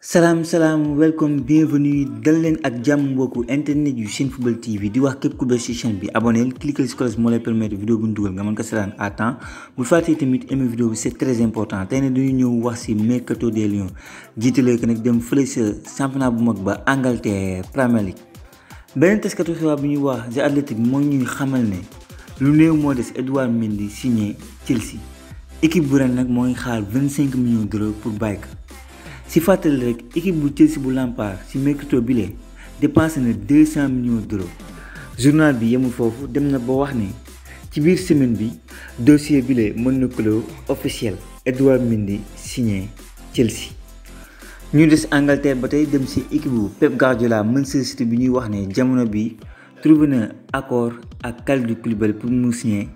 salaam salaam welcome bienvenue dal leen ak jàmm mbokku internet yu seen football tv di wax képp ku bees ci chaîne bi abonné cliquer ci cloche moo lay permettre vidéo bu ñu dugal nga mën ko seetaan à temps bu fàttee tamit aimer vidéo bi c'est très important tey ne dañu ñëw wax ci mercato des lions le ko nag dem fële sa championnat bu mag ba Angleterre Premier League beneen taskatu xibaar bi ñuy wax The Athletic moo ñuy xamal ne lu néew moo des Edouard Mendy signé Chelsea équipe bu ren nag ngi xaar 25 millions d'euros pour bàyyi si fàttali rek équipe bu Chelsea bu Lampard si mercato bile dépensé na 200 millions d'euros journal bi yemu foofu dem na ba wax ni ci biir semaine bi dossier bile mën na clos officiel Edouard Mendy signé Chelsea. ñu des Angleterre ba tey dem si équipe bu Pep Guardiola Manchester City bi ñuy wax ne jamono bi trouvé na accord ak Kalidou Koulibaly pour mu signé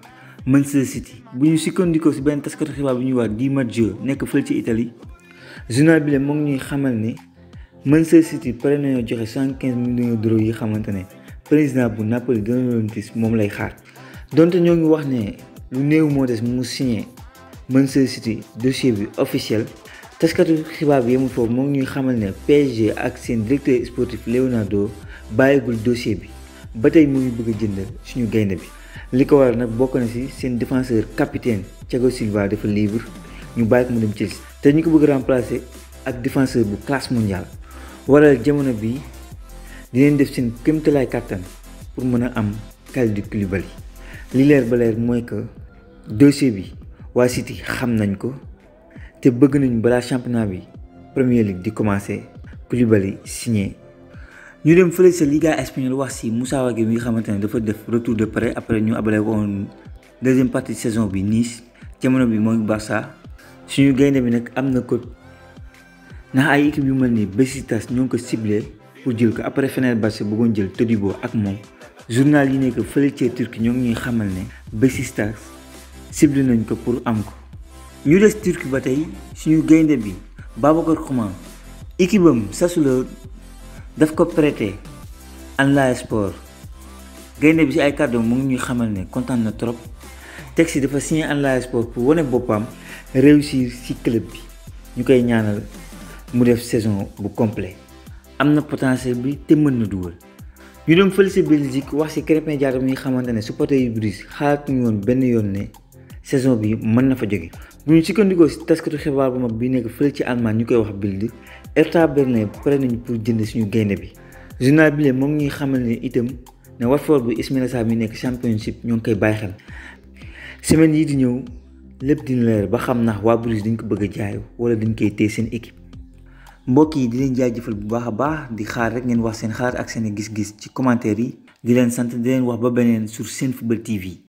Manchester City bu ñu sukkandikoo si benn taskatu xibaar bu ñuy wax Di Marzio nekk fële ci Italie. journal bi la mu ngi ñuy xamal ni Manchester City pare nañoo joxe cent quinze millions yi xamante ne président bu Napoli Donatella moom lay xaar donte ñoo ngi wax ne lu néew moo des mu signé Manchester City dossier bi officiel. taskatu xibaar bi yemul foofu moo ngi ñuy xamal ne PSG ak seen directeur sportif Leonardo bàyyigul dossier bi ba tey mu ngi bëgg a jënd suñu gaynde bi. li ko waral nag bokk na ci seen défenseur capitaine Thiago Silva dafa libre ñu bàyyi ko mu dem Chelsea. te ñu ko bëgg remplacer ak défenseur bu classe mondiale waral jamono bi dinañ def seen kéemtalaay kàttan pour mën a am du Koulibaly li leer ba leer mooy que dossier bi waa City xam nañ ko te bëgg nañu balaa championnat bi Premier League di commencé Koulibaly signé. ñu dem fële sa Liga espagnol wax si Moussa Wagué mi nga xamante ne dafa def retour de prêt après ñu abale woon deuxième partie de saison bi Nice jamono bi mooy Barça. suñu gaynde bi nag am na ko ndax ay équipe yu mel ni Besiktas ñoo ngi ko ciblé pour jël ko après Fenerbahçe bëggoon jël Todibo ak moom journal yi nekk fële ca Turquie ñoo ngi ñuy xamal ne Besiktas ciblé nañ ko pour am ko. ñu des Turquie ba tey suñu gaynde bi Babacar Coman équipe am Sassuolo daf ko prêté Antalyaspor gaynde bi si ay kàddoom mu ngi ñuy xamal ne kontaan na trop teg si dafa signé Antalyaspor pour wane boppam. réussir ci club bi ñu koy ñaanal mu def saison bu complet am na potentiel bi te mën na dugal ñu dem fële si Belgique wax si Krépin Diatta mi nga xamante ne supporter yu Bruges xalaatuñu woon benn yoon ne saison bi mën na fa jóge bu ñu sukkandikoo si taskatu xibaar bu mag bi nekk fële ci Allemagne ñu koy wax Bild Hertha Berlin pare nañu pour jënd suñu gaynde bi journal bi moom ñuy xamal ne itam ne Watford bu Ismaila Sarr mi nekk championship ñoo ngi koy bàyyi xel semaine yi di ñëw lépp dina leer ba xam na waa Bruges dañ ko bëgg a jaay wala dañ koy téye seen équipe mbokk yi di leen jaajëfal bu baax a baax di xaar rek ngeen wax seen xaar ak seen gis-gis ci commentaire yi di leen sant di leen wax ba beneen sur Senfootball TV.